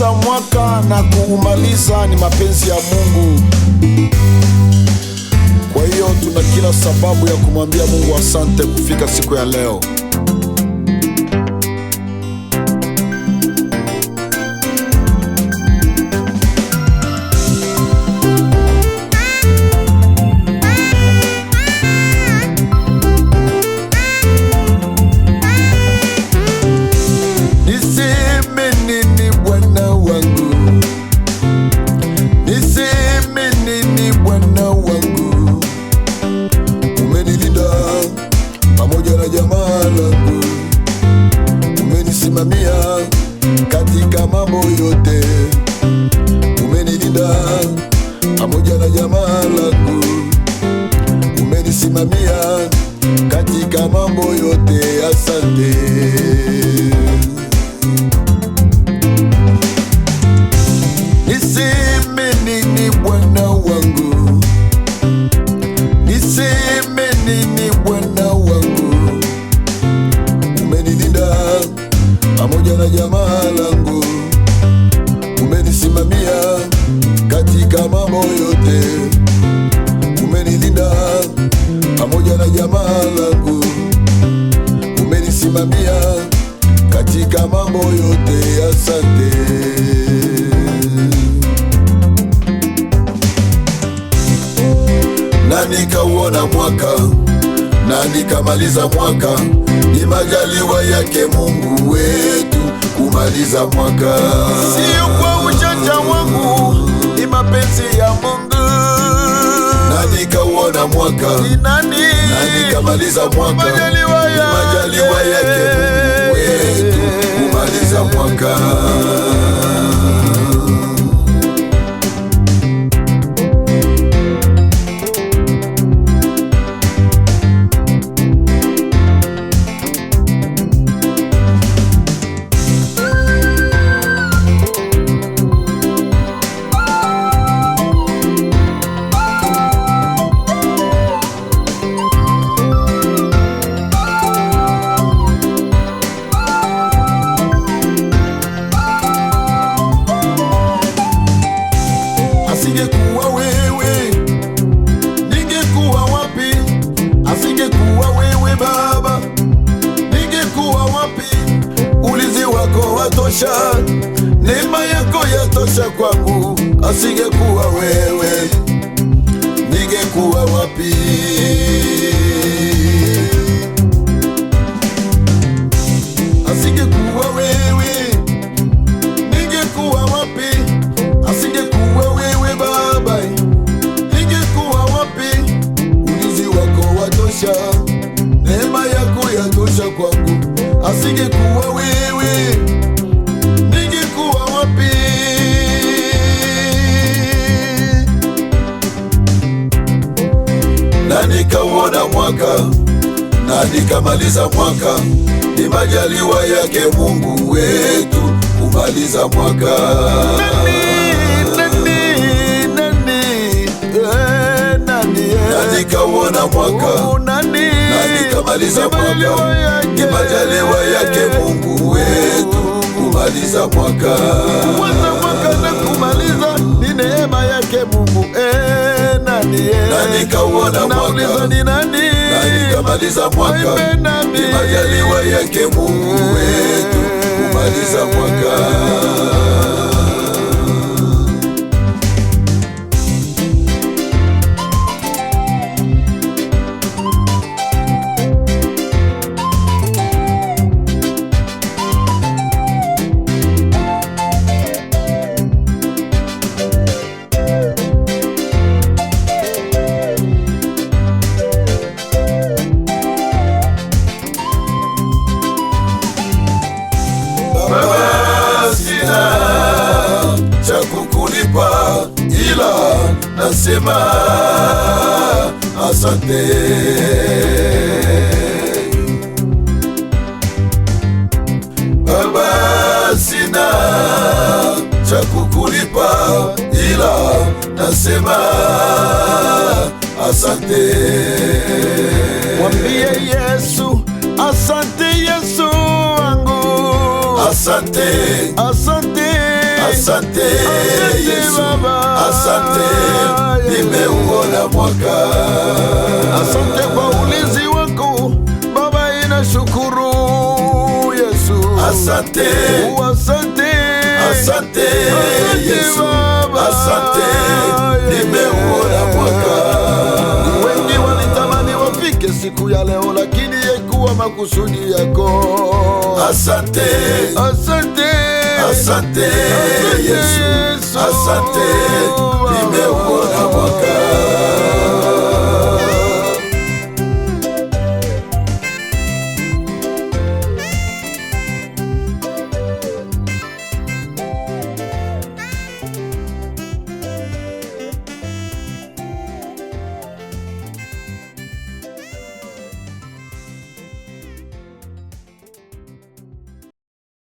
kuanza mwaka na kuumaliza ni mapenzi ya Mungu. Kwa hiyo tuna kila sababu ya kumwambia Mungu asante kufika siku ya leo. kunisaidia katika mambo yote, asante. Bwana wangu? Umenilinda umenisimamia katika mambo kusimamia katika mambo yote. Asante. Nani kauona mwaka, nani kamaliza mwaka? Ni majaliwa yake Mungu wetu kumaliza mwaka, sio kwa ujanja wangu, ni mapenzi ya Mungu. Nani kauona mwaka kumaliza mwaka majaliwa yake Mungu wetu kumaliza mwaka tosha, neema yako yatosha kwangu, asingekuwa wewe ningekuwa wapi? Asingekuwa wewe ningekuwa wapi? Asingekuwa wewe Baba ningekuwa wapi? Ulinzi wako watosha, neema yako yatosha kwangu, asingekuwa wewe na nikauona mwaka na nikamaliza mwaka, ni majaliwa yake Mungu wetu kumaliza mwaka eh, eh. na nikauona mwaka oh, na nikamaliza mwaka, ni majaliwa yake Mungu wetu kumaliza mwaka na nikauona mwaka ni nani, na nikamaliza mwaka ni majaliwa yake Mungu wetu kumaliza mwaka kusema asante. Baba, sina cha kukulipa ila nasema asante. Mwambie Yesu asante, Yesu wangu asante, asante, asante, asante, asante tumeuona mwaka. Asante kwa ulinzi wako Baba, inashukuru Yesu, asante, asante, asante Yesu, asante, nimeuona mwaka. Wengi walitamani wafike siku ya leo makusudi yako. Asante, asante, asante Yesu, asante, nimeuona mwaka